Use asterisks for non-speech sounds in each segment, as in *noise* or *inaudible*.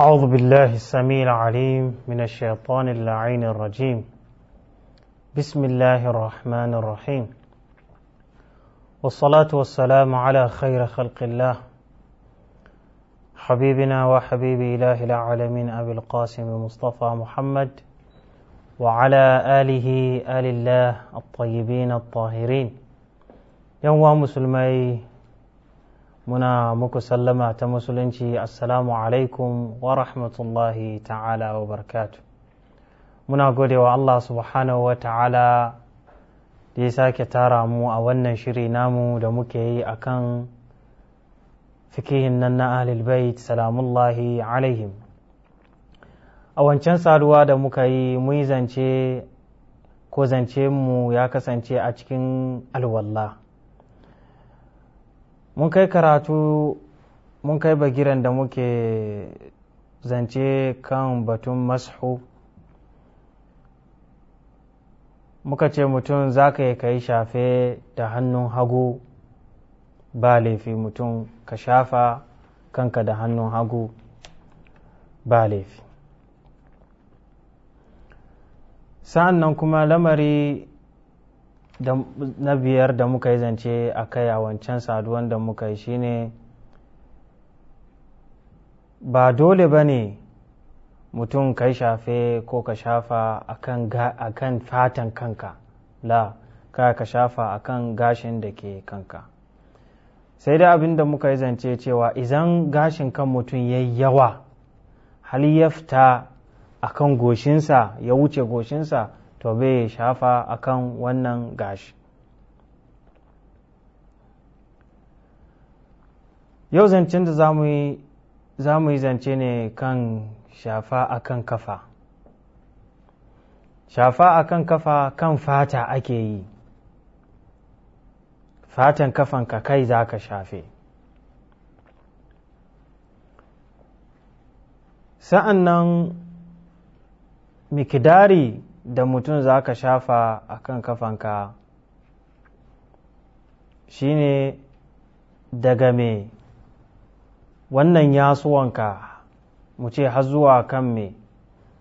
أعوذ بالله السميع العليم من الشيطان اللعين الرجيم بسم الله الرحمن الرحيم والصلاة والسلام على خير خلق الله حبيبنا وحبيب إله العالمين أبي القاسم مصطفى محمد وعلى آله آل الله الطيبين الطاهرين يوم مسلمي muna muku sallama ta musulunci assalamu alaikum wa rahmatullahi ta'ala wa barakatu. muna gode wa Allah subhanahu wa ta'ala da ya sake tara mu a wannan shiri namu da muke yi a kan fikihin nan na ahlulbait salamullahi alaihim a wancan saduwa da muka yi muyi zance ko zance mu ya kasance a cikin alwallah mun kai karatu mun kai bagiran da muke zance kan batun mashu muka ce mutum za ka yi ka yi shafe da hannun hagu ba laifi mutum ka shafa kanka da hannun hagu ba laifi sa'an nan kuma lamari na biyar da muka yi zance a kai a wancan saduwan da muka yi shine ba dole ba ne mutum ka shafe ko ka shafa a kan fatan kanka la ka ka shafa a kan gashin da ke kanka sai dai abin da muka yi zance cewa izan gashin kan mutum ya yawa hali ya fita a kan goshinsa ya wuce goshinsa to bai shafa akan wannan gashi yau zancen da za mu yi zance ne kan shafa akan kafa shafa akan kafa kan fata ake yi fatan ka kai za ka shafe sa'an nan mikidari da mutum za ka shafa a kan kafanka shine daga me wannan yasuwanka mu ce har zuwa kan me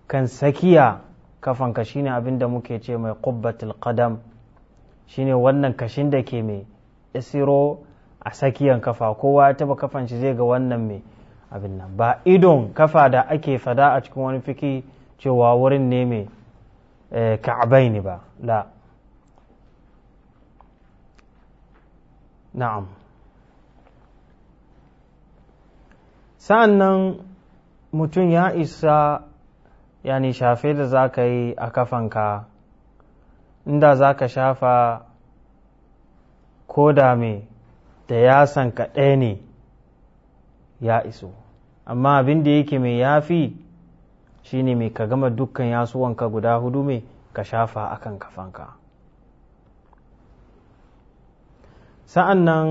kan sakiya kafanka shine abin da muke ce mai kubbatul shi shine wannan kashin da ke mai isiro a sakiyan kafa kowa ya taba kafan zai ga wannan mai abin nan ba idon kafa da ake fada a cikin wani fiki cewa wurin ne mai كعبين بقى لا na'am sannan mutum ya isa yani shafe da za ka yi a kafanka inda za ka shafa ko da me da ya ka ɗaya ne ya iso amma abin da yake mai yafi shine mai ka gama dukkan yasuwanka guda hudu mai ka shafa akan kafanka sa'an nan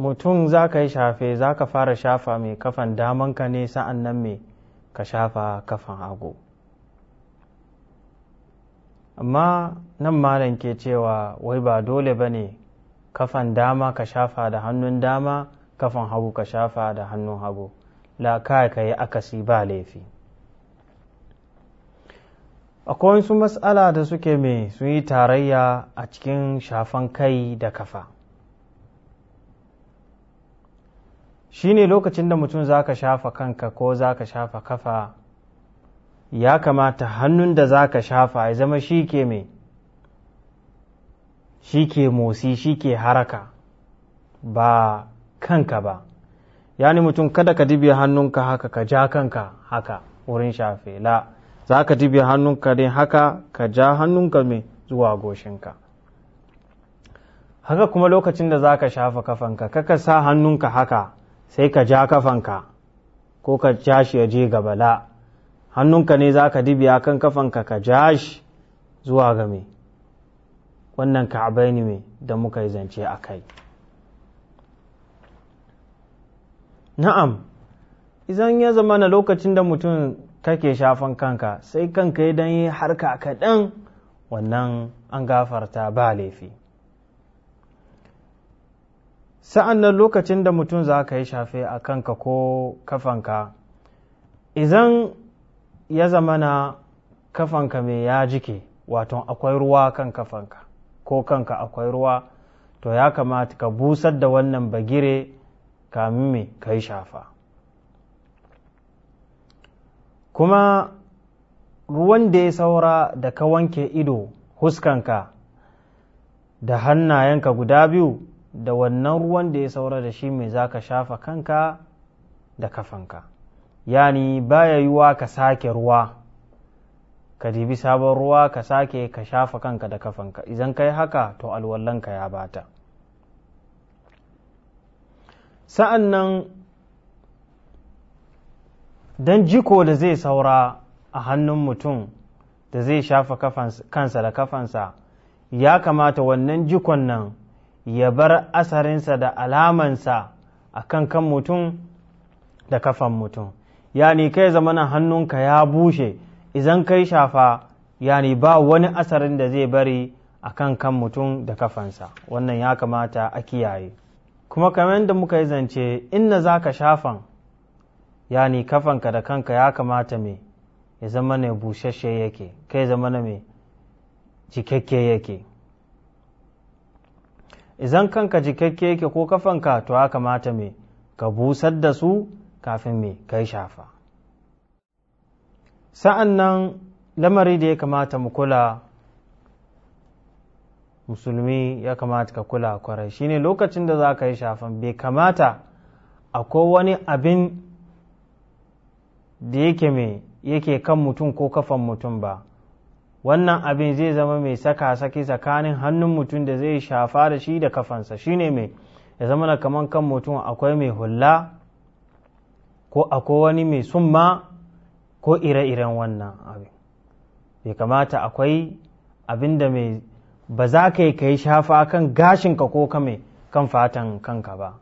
mutum za ka yi shafe za ka fara shafa mai kafan damanka ne sa'an nan mai ka shafa kafan hagu amma nan malam ke cewa wai ba dole ba ne kafan dama ka shafa da hannun dama kafan hagu ka shafa da hannun hagu la kai akasi ba laifi akwai wasu matsala da suke mai sun yi tarayya a cikin shafan kai da kafa shi ne lokacin da mutum za ka shafa kanka ko za ka shafa kafa ya kamata hannun da za ka shafa ya zama shi ke mai shi ke motsi shi ke haraka ba kanka ba yani mutum kada ka dibiya hannunka haka ka ja kanka haka wurin shafe la za ka dibiya hannunka ne haka ka ja hannunka mai zuwa goshinka haka kuma lokacin da za ka shafa kafanka kaka sa hannunka haka sai ka ja kafanka ko ka ja shi ya je gaba la hannunka ne za ka dibiya kan kafanka ka ja shi zuwa ga mai wannan ka'abai ne da muka yi zance a kai na'am idan ya zama na lokacin da mutum kake shafan kanka sai kanka ya dan yi harka kaɗan wannan an gafarta ba laifi sa'an nan lokacin da mutum za ka yi shafe a kanka ko kafanka idan ya zama na kafanka mai ya jike wato akwai ruwa kan kafanka ko kanka akwai ruwa to ya kamata ka busar da wannan bagire kamin mai kai shafa kuma ruwan da ya saura da ka wanke ido huskanka da hannayenka guda biyu da wannan ruwan da ya saura da shi mai za ka shafa kanka da kafanka yani baya yiwuwa ka sake ruwa ka dibi sabon ruwa ka sake ka shafa kanka da kafanka idan ka yi haka to alwallanka ya bata sa'an nan don jiko da zai saura a hannun mutum da zai shafa kansa da kafansa ya kamata wannan jikon nan ya bar asarinsa da alamansa a kan kan mutum da kafan mutum yani kai zamanin hannunka ya bushe idan kai shafa yani ba wani asarin da zai bari a kan kan mutum da kafansa wannan ya kamata a kiyaye kuma kamar da muka yi zance inna za ka shafan ya yani kafanka da kanka ya kamata me ya zama ne bushashe yake kai zama ne me cikakke yake idan kanka jikakke yake ko kafanka to ya kamata me ka busar da su kafin me kai shafa sa'an nan lamari da ya kamata mu kula musulmi ya kamata ka kula kwarai shine lokacin da za ka yi shafan bai kamata akwai wani abin da yake mai yake kan mutum ko kafan mutum ba wannan abin zai zama mai saka saki tsakanin hannun mutum da zai shafa da shi da kafansa shine mai ya zama na kaman kan mutum akwai mai hulla ko akwai wani mai summa ko ire-iren wannan abin bai kamata akwai abin da mai ba za ka yi ka yi shafa kan gashinka ko kame kan fatan kanka ba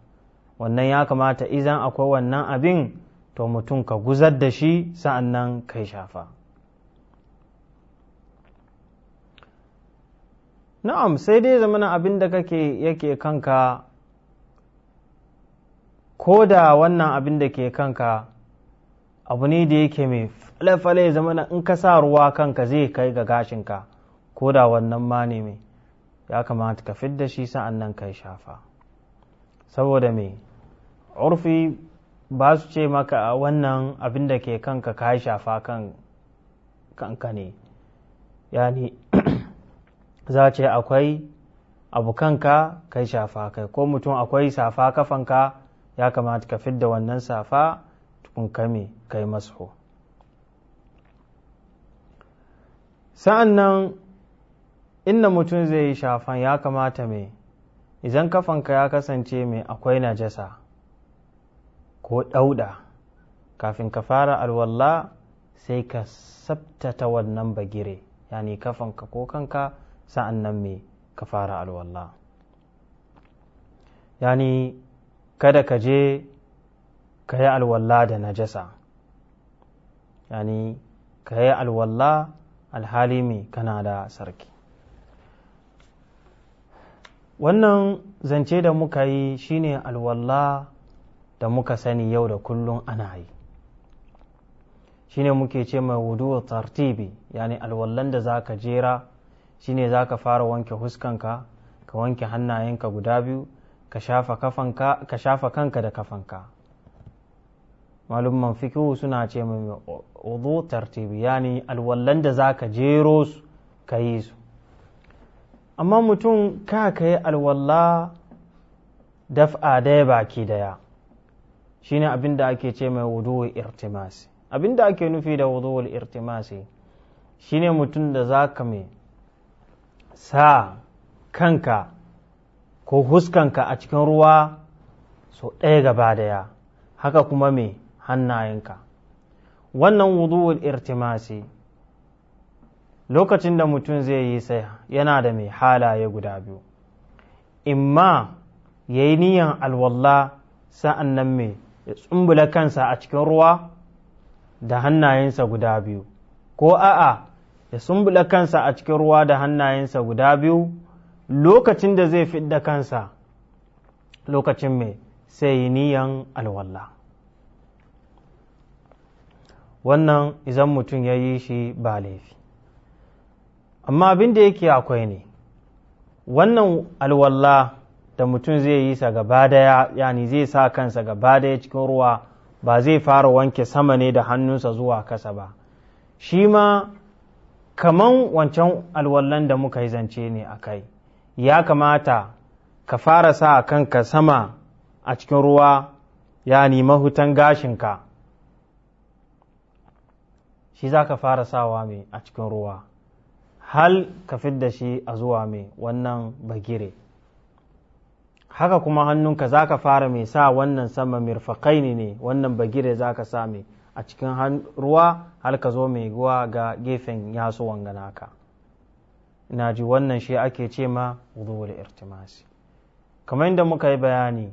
wannan ya kamata izan akwai wannan abin to mutum ka guzar da shi sa'an nan ka yi shafa na'am sai dai zamana abin da kake yake kanka ko da wannan abin da ke kanka abu ne da yake mai fale-fale zamana in ka sa ruwa kanka zai kai ga gashinka ko da wannan ma ne mai ya kamata ka da shi sa'an nan kai shafa saboda mai urfi ba su ce maka wannan abin da ke kanka ka shafa kanka ne yani *clears throat* za ce akwai abu kanka kai shafa kai ko mutum akwai safa kafanka ya kamata ka da wannan safa tukun kame kai masu sa'an nan inda mutum zai yi shafan ya kamata mai idan kafanka ya kasance mai akwai najasa ko ɗauda kafin ka fara alwalla sai ka sabtata wannan bagire yani kafanka ko kanka sa'an nan mai ka fara alwalla yani kada ka je ka yi alwalla da najasa yani ka yi alwalla alhali mai kana da sarki wannan zance da muka yi shine alwalla da muka sani yau da kullum ana yi shine muke ce mai wudu tartibi yani alwallan da zaka jera shine zaka fara wanke huskanka ka wanke hannayenka guda biyu ka shafa kanka da kafanka malumman fikihu suna ce mai wudu tartibi yani alwallan da zaka jero su ka yi su amma mutum ka ka yi alwalla daf'a daya baki daya ne abin da ake ce mai wuduwar irtimasi abin da ake nufi da wuduwar irtimasi Shi ne mutum da za ka mai sa kanka ko huskanka a cikin ruwa so ɗaya gaba daya haka kuma mai hannayenka wannan wuduwar irtimasi lokacin da mutum zai yi saya yana da mai halaye guda biyu imma ya yi niyan alwalla sa'an nan mai ya tsumbula kansa a cikin ruwa da hannayensa guda biyu ko a'a ya tsumbula kansa a cikin ruwa da hannayensa guda biyu lokacin da zai fidda kansa lokacin mai sai yi niyan alwalla wannan izan mutum ya yi shi ba laifi amma abin da yake akwai ne wannan alwalla da mutum zai yi sa gaba daya yani zai sa kansa gaba daya cikin ruwa ba zai fara wanke sama ne da hannunsa zuwa kasa ba shi ma kaman wancan alwallan da muka yi zance ne a kai ya kamata ka fara sa kanka sama a cikin ruwa yani mahutan gashinka shi za ka fara sawa mai a cikin ruwa hal ka fidda shi a zuwa mai wannan bagire haka kuma hannunka za ka fara mai sa wannan sama mirfakai ne wannan bagire za ka sa mai a cikin ruwa har ka zo mai guwa ga gefen yaso wanganaka na ji wannan shi ake ce ma zuwa irtimasi kamar yadda muka yi bayani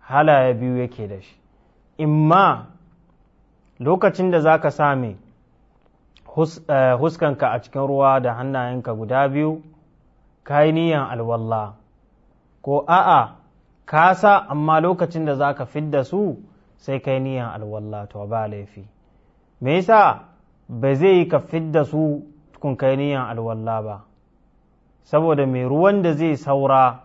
halaye biyu yake da shi imma lokacin da za ka sa mai Eh, huskanka a cikin ruwa da hannayenka guda biyu ka yi niyan alwalla ko a'a ka sa amma lokacin da za ka fidda su sai ka yi niyan alwalla to ba laifi me yasa ba zai yi ka fidda su kun kai niyan alwalla ba saboda mai ruwan da zai saura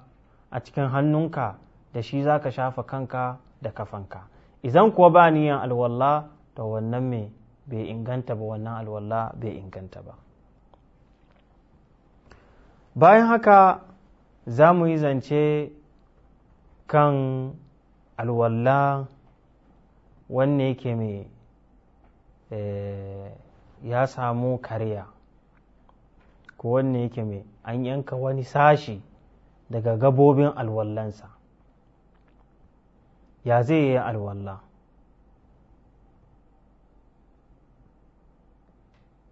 a cikin hannunka da shi za ka shafa kanka da kafanka idan kuwa ba niyan alwalla to wannan mai bai inganta ba wannan alwala bai inganta ba bayan haka za mu yi zance kan alwala wanne yake mai eh, ya samu karya ko wanne yake mai an yanka wani sashi daga gabobin alwallansa ya zai yi alwalla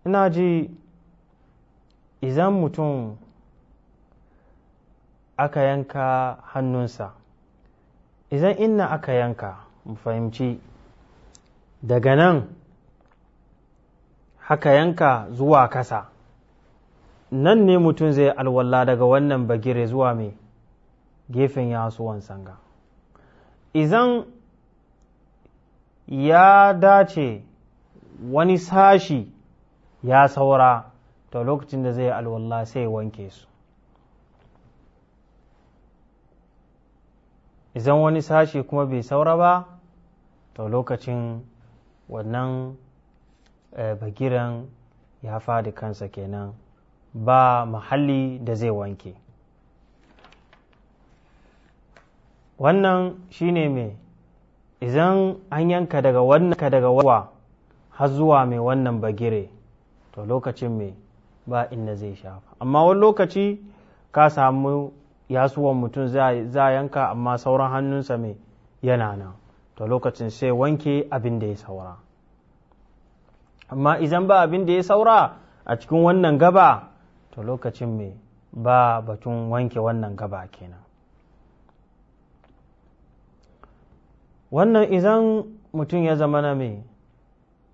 ina ji izan mutum aka yanka hannunsa izan inna aka yanka mu fahimci daga nan haka yanka zuwa kasa nan ne mutum zai alwala daga wannan bagire zuwa mai gefen yasuwan sanga izan ya dace wani sashi ya saura to lokacin da zai alwallah sai wanke su idan wani sashi kuma bai saura ba to lokacin wannan eh, bagiran ya fadi kansa kenan ba mahalli da zai wanke wannan shine mai idan an yanka daga wannan daga wa har zuwa mai wannan bagire to lokacin mai ba inda zai shafa amma wani lokaci ka samu yasuwan mutum za yanka amma sauran hannunsa mai yana nan to lokacin sai wanke abin da ya saura amma izan ba abin da ya saura a cikin wannan gaba to lokacin mai ba batun wanke wannan gaba kenan wannan izan mutum ya zama na mai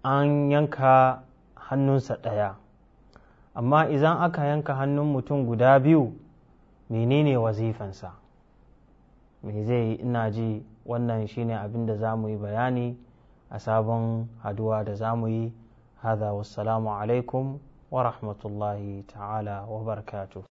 an yanka hannunsa ɗaya amma idan aka yanka hannun mutum guda biyu menene wazifansa me zai yi ina ji wannan shine abin da za mu yi bayani a sabon haduwa da za mu yi hada wassalamu alaikum wa rahmatullahi ta'ala wa barkatu.